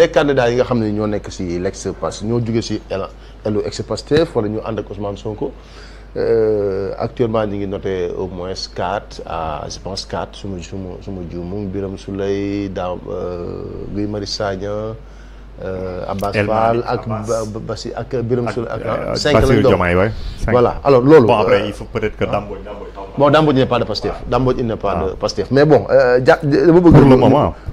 les candidats yi nga xam ne ñoo nekk ci l'ex Pastef ñoo jóge ci elu ex Pastef wala ñu ànd ak Ousmane Sonko euh, actuellement ñu ngi noté au moins quatre à je pense quatre su ma su ma su ma juum Birame Souleye euh, Guy Marius Sagna Euh, Abbas Fall ak Bassi ak Birame Souleye euh, euh, ak. cinq lañ doon voilà alors loolu. bon après il faut peut-être que mais bon. ja dama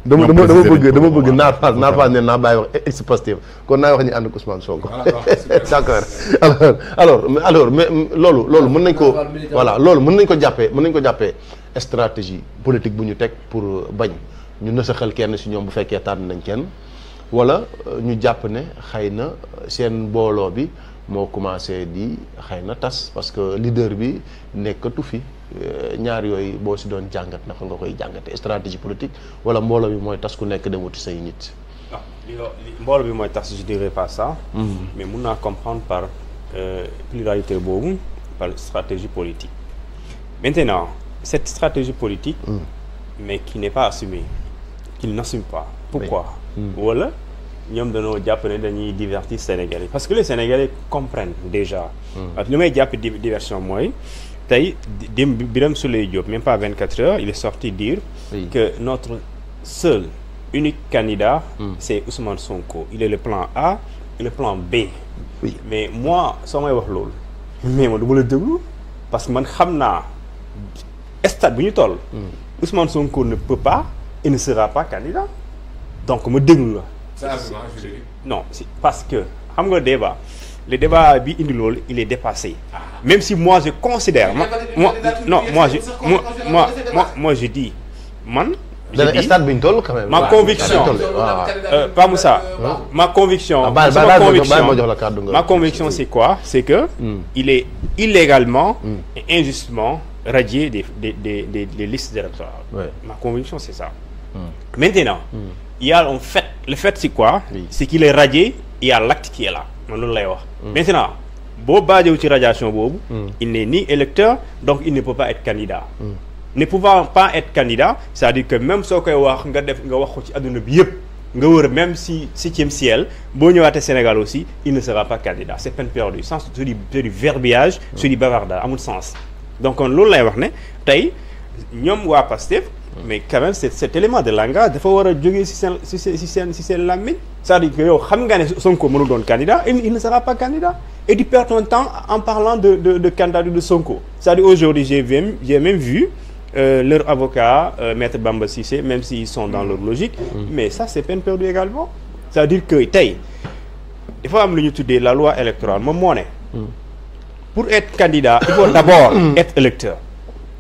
bëgg. pour dama bëgg Naar Fall Naar naa bàyyi wax ex Pastef kon naa wax ñu ànd ak Ousmane Sonko. Ah, d'accord alors alors alors mais loolu loolu mën nañ ko. voilà loolu mën nañ ko jàppee mën nañ ko jàppee stratégie politique bu ñu teg pour bañ ñu nasaxal kenn si ñoom bu fekkee tànn nañ kenn Voilà, nous japonais, ne xëy na seen bi moo commencé di xëy tas parce que leader bi nekkatu fi euh, ñaar yooyu boo si doon jàngat naka nga koy stratégie politique voilà, nous bi mooy tas ku nekk dem wuti say nit. ah bi je dirais pas ça. Mhm. mais nous avons comprendre par euh, pluralité par stratégie politique. maintenant cette stratégie politique. Mhm. mais qui n'est pas assumée. qu'il n'assume pas. pourquoi. voilà. Mhm avons dit que ne dañuy divertir Sénégalais parce que les Sénégalais comprennent déjà. nous hmm. li may jàpp diversion mooy tey Diop même pas 24 heures il est sorti dire. que notre seul unique candidat. Hmm. c'est Ousmane Sonko il est le plan A et le plan B. mais moi soo may wax dire. mais ne veux pas le dire parce que man xamna naa stade hmm. Ousmane Sonko ne peut pas et ne sera pas candidat donc pas le non, parce que, débat. le débat il est dépassé ah. même si moi je considère moi, non moi je moi moi moi, je dis man. ma conviction pas ah, bah, Moussa bah, ma bah, conviction ma conviction c'est quoi c'est que hmm. il est illégalement hmm. et injustement radié des des listes électorales ma conviction c'est ça hmm. maintenant il y fait le fait c'est quoi c'est qu'il est radié il y a l'acte qui est là mm. maintenant mm. il n'est ni électeur donc il ne peut pas être candidat mm. ne pouvant pas être candidat c'est-à-dire que même si koy wax nga def nga wax même si ciel Sénégal aussi il ne sera pas candidat c'est peine perdue sens c'est du verbiage c'est du bavardage amul sens donc on l'a lay wax ne tey pas waa mais quand même c'est cet élément de langage Il faut voir jugé si c'est si langage. si c'est-à-dire que yow xam nga Sonko candidat il ne sera pas candidat et tu perds ton temps en parlant de de de son de Sonko c'est-à-dire aujourd'hui j'ai même j'ai même vu euh, leur avocat euh, maître Bamba Sissé, même s'ils sont dans leur logique mais ça c'est peine perdue également c'est-à-dire que il faut am la loi électorale mon monnaie pour être candidat il faut d'abord être électeur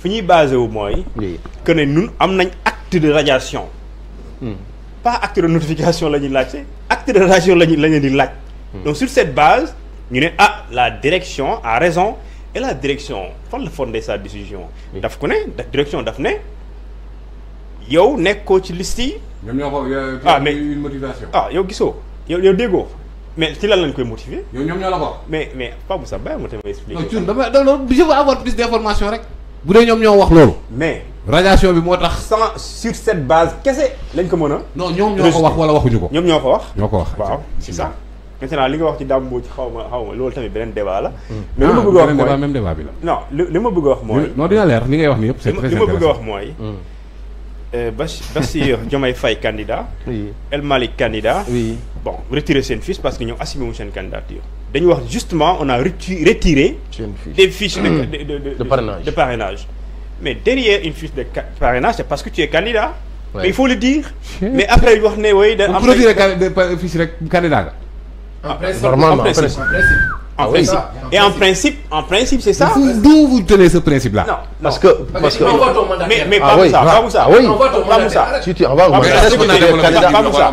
Fini base basé au mooy. que nous acte de radiation. Hmm. pas acte de notification la ñuy acte de radiation la hmm. donc sur cette base nous avons ah la direction a raison et la direction faut la fonder sa décision. daf ko la direction daf ne yow ne coach liste ah mais une motivation. ah yow gisoo yow yo mais c'est là lañ koy motiver. motivé. ko mais mais pas pour ça, je vais expliquer. non tu dama non je veux avoir plus d'informations bu dee ñoom ñoo wax loolu. mais radiation bi motax sans sur cette base kese lañ ko mën non ñom ñoo ko wax wala waxuñu ko. ñom ñoo ko wax. ñoko wax waaw c'est ça. maintenant li nga wax ci dambo ci xawma xawma lool tamit benen débat la. Hmm. mais li ma ah, bëgg a wax débat même débat bi la. non li ma bëgg wax moy non dina lèr li ngay wax ni yépp c'est très intéressant li ma bëgg a wax mooy. Bass hmm. euh, Bassirou Diomaye Faye candidat. oui El Malik candidat. oui bon retirer seen fils parce que ñoom assumé wu seen candidature dañu wax justement on a retiré des fiches mmh. de, de, de, de parrainage. de parrainage mais derrière une fiche de parrainage c'est parce que tu es candidat ouais. mais il faut le dire mais après wax ne wooy da de, fiche rek candidat nga en ah, principe normalement en principe en principe ah et en principe en principe c'est ça d'où vous tenez ce principe là non, parce que parce que mais mais ah pas ça pas ça oui pas ça si tu pas au ça.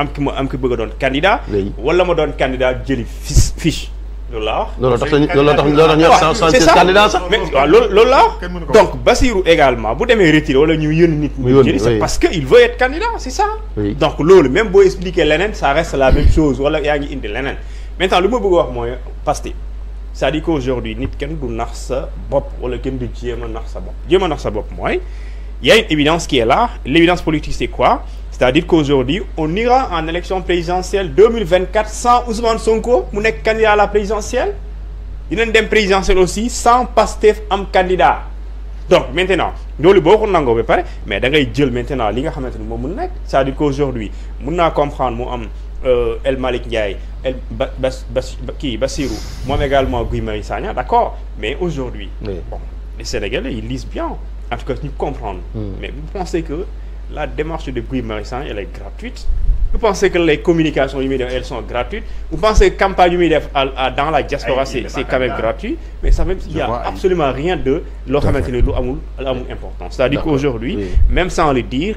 am am candidat. wala candidat fiche donc également vous devez retirer wala c'est parce qu'il veut être candidat c'est ça. donc Lolo, même beau expliquer l'année ça reste la même chose wala a ngi maintenant le mot wax ça c'est-à-dire qu'aujourd'hui nit ken du nax sa wala du nax sa y a une évidence qui est là l'évidence politique c'est quoi c'est-à-dire qu'aujourd'hui, on ira en élection présidentielle 2024 sans Ousmane Sonko, mon candidat à la présidentielle. Il y a une présidentielle aussi sans Pastef am candidat. Donc maintenant, nous le beaucoup n'en pas mais d'ailleurs il maintenant l'inga hamet nous mon nek, c'est-à-dire qu'aujourd'hui, mon comprend comprendre mon am euh, El Malik Ndiaye, El qui Bassirou, moi également Guy Sagna, d'accord, mais aujourd'hui, bon, les Sénégalais ils lisent bien, en tout cas ils comprennent, hmm. mais vous pensez que la démarche de Guy Marissan, elle est gratuite vous pensez que les communications immédiates, elles sont gratuites vous pensez que campagne à, dans la diaspora c'est quand même gratuit mais ça même il n'y a absolument rien de loo c'est-à-dire qu'aujourd'hui même sans le dire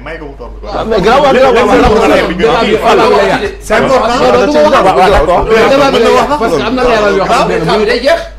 mais may ko mu tontu ko. mais grand waa grand waa. c'est important. parce que am na leeral yoo xam ne day jeex.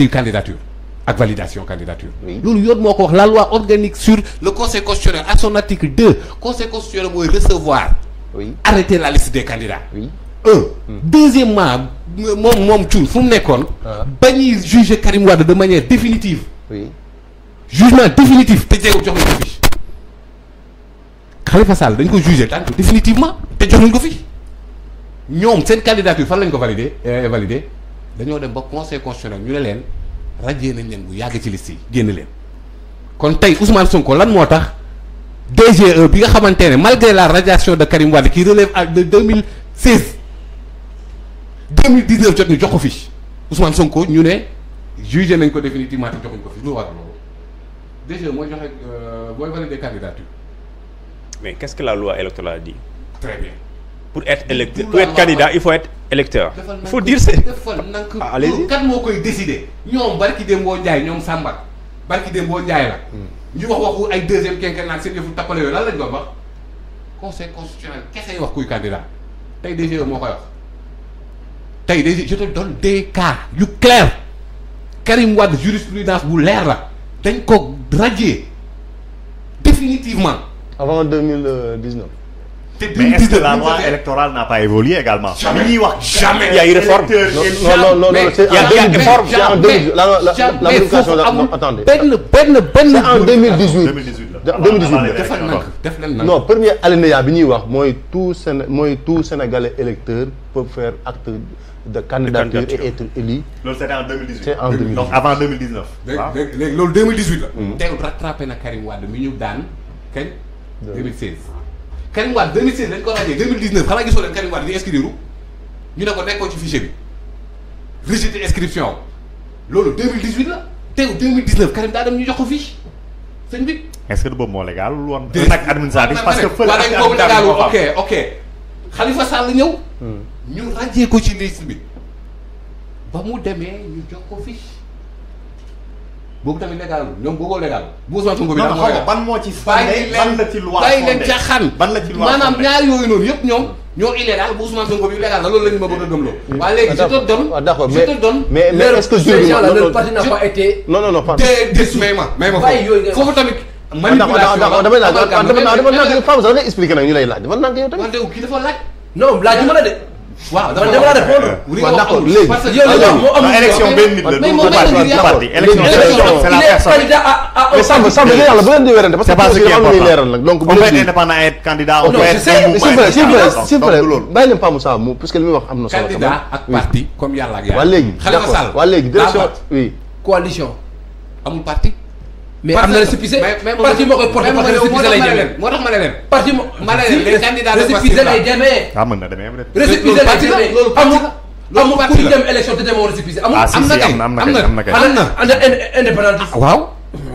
une candidature avec validation candidature. Nous il y la loi organique sur le conseil constitutionnel à son article Le conseil constitutionnel doit recevoir. oui arrêter la liste des candidats. oui deuxièmement mon nom tout fu ah. juger Karim Wade de manière définitive. oui jugement définitif Khalifa juger définitivement te jox candidature fan valider euh, dañoo dem ba conseil constitutionnel ñu ne leen rajee nañ leen bu yàgg ci liste yi génn leen kon tey Ousmane Sonko lan moo tax DGE bi nga xamante ne malgré la radiation de Karim Wade qui relève à de 2016 2019 jot ñu jox ko fi Ousmane Sonko ñu ne jugé nañ ko définitivement te joxuñ ko fi lu war loolu DGE mooy joxe euh, mooy candidature. mais qu'est-ce que la loi électorale dit. très bien pour être électeur pour être candidat il faut être électeur faut dire c'est defal nank ah, kat moo décider ñoom barki dem boo jaay ñoom sàmbat barki dem boo jaay la hmm. ñu wax waxu ay deuxième quinquennat c'est yëfu tappale yooyu lan lañ doon wax conseil constitutionnel kese wax kuy candidat tey DGE moo koy wax tey DGE je te donne des cas yu clair Karim Wade jurisprudence bu leer la dañ ko radier définitivement avant 2019 mais est-ce que la loi électorale n'a pas évolué également Jamais. Jamais. Il y a une réforme. Non, non, non, non c'est en 2018. C'est en 2018. Attendez. C'est en 2018. 2018. Non, premier alinéa, moi, tout Sénégalais électeur peut faire acte de candidature et être élu. C'était en 2018. C'est en 2018. Donc avant 2019. Lors 2018. rattraper rattrapé Karim Wade, Minou Dan, 2016. Karim Wade 2016 dañ ko radié 2019 xanaa gisoo leen Karim Wade ñu inscrire ñu ne ko nekkoo ci fichier bi rejeté inscription loolu 2018 la teew 2019 Karim da dem ñu jox ko fiche sëñ bi. est-ce que boobu moo légal woon. nak administratif parce que fële ak boobu légal ok ok Khalifa Sall hmm. ñu rajé ko ci liste bi ba mu démé ñu jox boobu tamit légal ñoom boogoo légal bu Ousmane Sonko bi non xaw ma ban moo ci fondé ban la ci loi fondé leen caaxaan ban la ci loi fondé maanaam ñaar yooyu noonu yëpp ñoom ñoo illégal bu Ousmane Sonko bi légal la loolu la ñu ma bëgg a gëmloo waaw léegi je te donne d'accord je te donne mais mais est-ce que ces gens là leur parti n'a pas été non non non pardon déçu may ma may ma foofu tamit manipulation d'accord damay laaj damay laaj dafa nag femme sax nga expliqué nag ñu lay laaj dafa nag yow tamit wante kii dafa laaj non laaj ma la de waaw dama la répondre. waaw d'accord léegi ah, élection benn nit la. mais moom c'est la personne. mais Samba Samba yàlla bu leen di wérante parce que parce que am na ñuy leeral nag donc. on peut être indépendant et être candidat. on peut être c'est vrai bàyyi leen Pa Moussa mu parce que li muy wax am na solo. candidat ak parti comme yàlla ak yàlla. waa léegi d'accord waa léegi direction oui. coalition amul parti. mais am na récépissé parti moo koy porté parce que récépissé lay demee moo tax ma ne leen parti moo ma ne leen candidat récépissé lay demee waaw ah, mën na demee récépissé lay demee amul amul ku dem élection te demoo récépissé amul ah, am na kay am na am na kay am na indépendantiste ah, waaw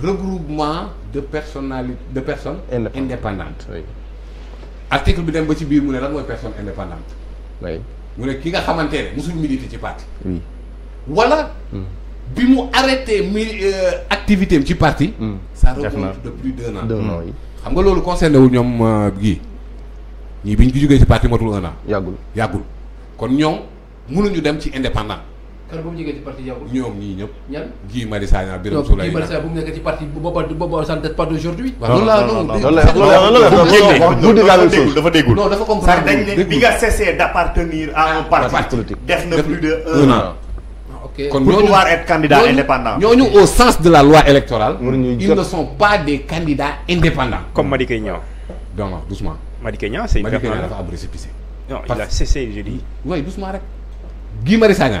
regroupement de personnalité de personnes indépendantes article bi dem ba ci biir mu ne lan personne indépendante mu ne ki nga xamante ne musul militer ci parti wala hmm. bi mu arrêté euh, activité du ci parti hmm. ça remonte de plus d'un an hmm. xam nga lolu concerné wul ñom euh, gii Ñi bi ñu jógee ci parti motul un an Yagul. yàggul kon ñoom mënuñu dem ci indépendant kan bu mu jógee ci parti yàggul. ñoom ñii ñëpp. ñan Guy Marius Sagna Birame Souleye. Guy Marius Sagna bu mu nekkee ci parti booba booba ça ne date pas d'aujourd'hui. waaw ah, loolu laa loolu loolu dafa déggul non dafa comprendre dañ ne bi nga cessé d'appartenir à un parti politique def na plus de un an. Ah, ok pour pouvoir être candidat indépendant. ñooñu au sens de la loi électorale. ils ne sont pas des candidats indépendants. comme Madické Niang. non non doucement. Madické Niang c'est une personne dafa am récépissé. non il a cessé je dis. oui doucement rek Guy Marius Sagna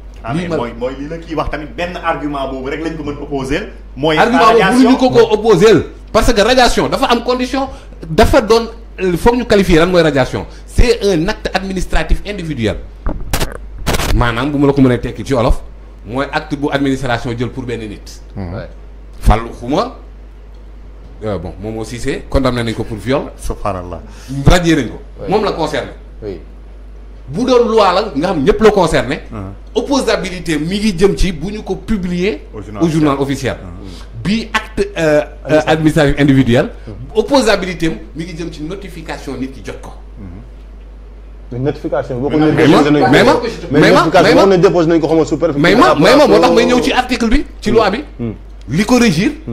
Ah, moi, moi, argument parce que radiation dafa am condition dafa donne le ñu qualifier lan radiation c'est un acte administratif individuel manam bu ma la ko ci olof acte bu administration pour bénin nit hmm. fallu xuma euh, bon aussi c'est condamné nañ ko pour viol subhanallah radier la concerné si loi la ah. opposabilité mi ngi publier au journal officiel ah. bi acte administratif individuel opposabilité notification notification mais mais moi, mais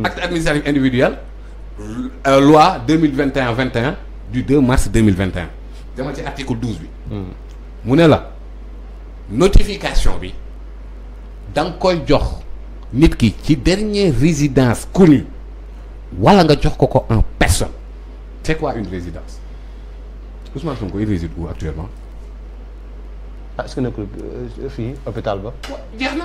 acte administratif individuel loi 2021 21 du 2 mars 2021 12 mu la notification bi dang de koy jox nit ki ci dernier résidence connue wala nga jox ko ko en personne c'est quoi une résidence Ousmane Sonko il réside où actuellement. Ah, est-ce que nous sommes euh, hôpital ba. jeex na.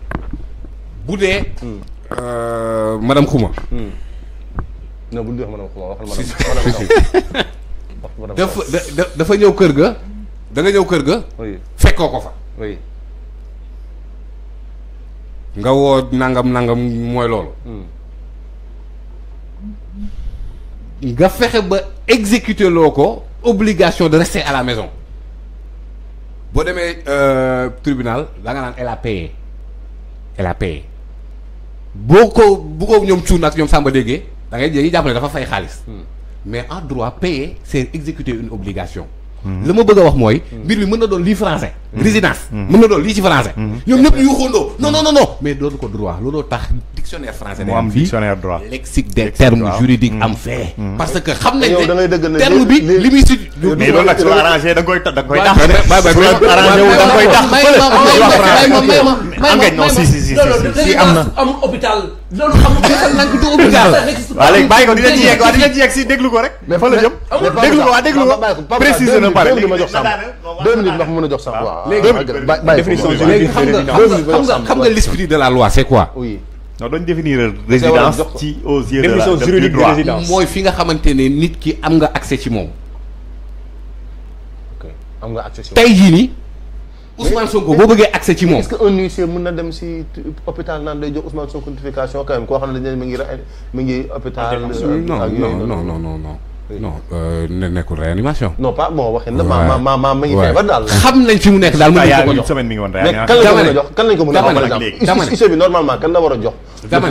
Boudé euh madame Kuma. non vous madame Kuma. waxal madame. dafa dafa ga. da nga Vous kër ga. fa. nga nangam hmm. exécuter Vous obligation de rester à la maison. Vous euh tribunal da nga elle a payé elle a payé. Beaucoup beaucoup de gens mais en droit payer c'est exécuter une obligation hmm. Le mot bëgg wax dire que bi livre français résidence mm-hmm. mën na doon lii ci français mm-hmm. ñoom ñëpp yuuxoondoo mm-hmm. non non non non mais doon ko droit looloo tax dictionnaire français moo am dictionnaire droit lexique des termes juridiques am fee parce que xam ne terme bi li muy si mais loolu nag su arrangé da koy tax da nga koy tax arrangé wu da nga koy tax may ma may ma non si si si si am na am hôpital loolu am hôpital nag du hôpital waa léegi bàyyi ko dina ci yegg waa dina ci mais na pare deux minutes ma jox sama deux minutes a léegi xam nga l'esprit de la loi c'est quoi non dañ mooy fi nga xamante ne nit ki am nga accès ci moom am nga accès ci moom jii nii Ousmane Sonko boo bëggee accès ci moom que un huissier mën na dem si hôpital naan day jox koo xam ne dañ ne mi ngi mi ngi hôpital euh, non non non non non euh, ne nekkul réanimation. xam nañ fi mu nekk daal mën nañ ko ko jox semaine mi ngi ko mën a ko mën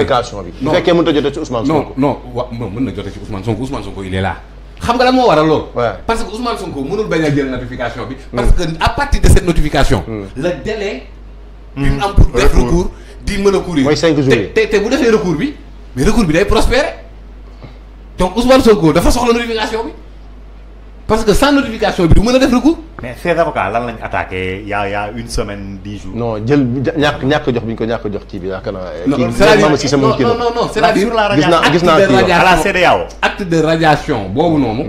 a jox. ci Ousmane Sonko. non non il est là. xam nga lan moo waral loolu. parce que Ousmane Sonko mënul bañ jël notification bi. parce que à de cette notification. Hmm. le délai. bi hmm. mu am pour def recours di mën a courir. te te bu defee recours bi mais bi day prospérer donc Ousmane Sonko dafa soxla notification bi parce que sans notification bi ne mën pas. def mais ces avocats lan lañ attaqué y' a y' a une semaine dix jours. non il y a jox bi ñu ko jox bi eh, non non non c'est la est à la CDAO. acte de radiation bon. Mm.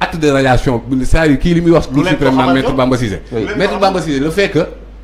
acte de radiation c' est à dire kii li wax. Maître Bamba Cissé. Maître Bamba le fait que.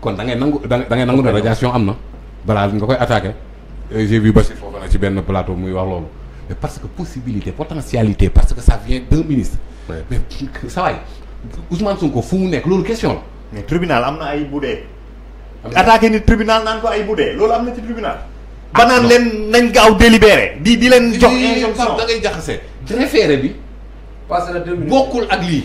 kon da ngay nangu da ngay nangu ne radiation am na balaa nga koy attaqué euh, j'ai vu Bassirou foofu ci benn plateau muy wax loolu mais parce que possibilité potentialité parce que ça vient d'un ministre mais sa waay Ousmane Sonko fu mu nekk loolu question la mais tribunal am na ay bu dee attaqué tribunal naan ko ay bu dee loolu am na ci tribunal ah, ba naan leen nañ gaaw délibéré di di leen jox injonction da ngay jaxase référé bi bokkul ak lii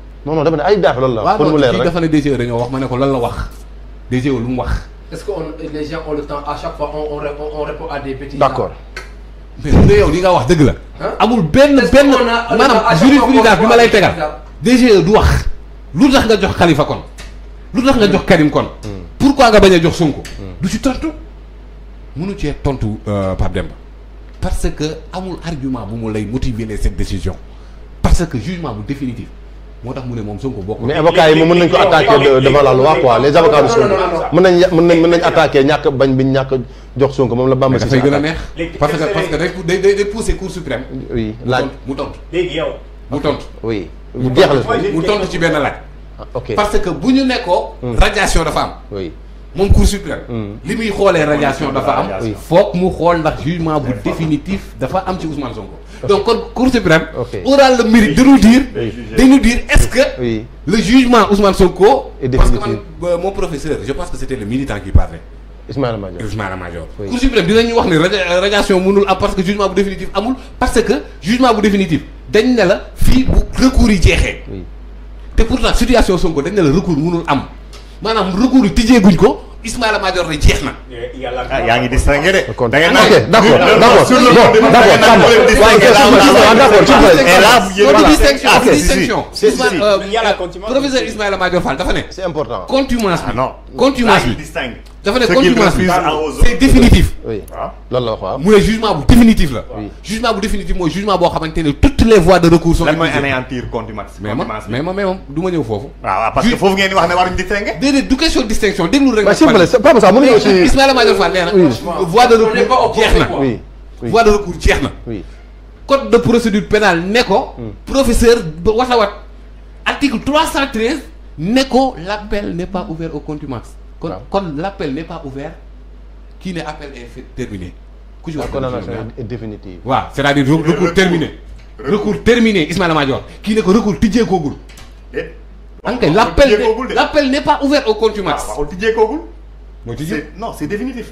non non dama ne ay daax loolu la. pour mu leer rek dafa ne DGE dañu wax mané ko lan la wax DGE lu mu wax. est-ce que on les gens ont le temps à chaque fois on on répond on répond à des petits d'accord. mais ndé yow li nga wax deug la. Hein? amul benn benn manam jurisprudence bi ma lay tégal DGE du wax lu tax nga jox Khalifa kon. lu tax nga jox Karim kon. Hmm. pourquoi nga baña jox Sonko. Hmm. du ci tontu. munu ci tontu euh, Pape Demba. parce que amul argument bu mu lay motiver cette décision. parce que jugement bu définitif motax tax mom Sonko bokk mais avocats yi moom mën nañ ko attaquer devant la loi quoi les avocats de Sonko mën nañ mën nañ mën nañ attaquer ñak bañ biñ ñak jox Sonko mom la Bamba si dafay gën neex parce que parce que day day day pousser cour suprême oui la mu tontu léegi yow mu tontu oui la mu tontu ci ben laaj ah, ok parce que buñu ñu hmm. radiation dafa am oui moom cour suprême hmm. li muy xoolee radiation dafa am foog mu xol ndax jugement bu définitif dafa am ci Ousmane Sonko donc kon Cour suprême aura le mérite de nous dire de nous dire est-ce que le jugement Ousmane Sonko est définitif parce que euh, mon professeur je pense que c'était le militant qui parlait Ismaïla Madior Ismaïla Madior Cour suprême dinañu wax ni euh, radiation mënul am parce que jugement définitif amul parce que le jugement bu définitif dañ ne la recours yi jeexee pour pourtant situation Sonko dañ ne recours mënul am maanaam recours yi ko Ismaïla Madior ne jeex na. Eh, ah, yaa ngi distingué de. Ah, kon dangeen ah, ok d' accord d' accord bon d' accord Tamba waaye question d' accord professeur Ismaïla Madior Fall dafa ne. c' est important. contumace bi non contumace bi. dafa ne contumace c'est définitif. oui loolu la wax waaw. mu jugement bu définitif la. jugement bu définitif mooy jugement boo xamante ne toutes les voies de recours sont. lan mooy anéantir contumace. mais ma mais ma mais moom du ma ñëw foofu. Ah, waaw parce que foofu ngeen di wax ne waruñu distinguer. déedéet du question distinction déglu rek. waaw sëñ Ba la mën nga aussi Ismaïla Madior Fall nee na. voie de recours jeex na. voie de recours jeex na. code de procédure pénale ne ko. Hmm. professeur ba wat a wat. article 313 ne ko l'appel n'est pas ouvert au contumace quand l'appel n'est pas ouvert qui n'est appel est terminé. C'est définitif. c'est à dire recours terminé. recours terminé Ismaël Major. Qui ne le recours tijjeekoogul. Eh, déet L'appel n'est pas ouvert au contumax. waaw waaw non c'est définitif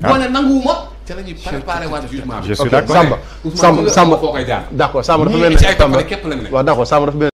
boo ah. ne nanguwuma. Samba Samba Samba foo koy jaar. Samba dafa mel ni. ci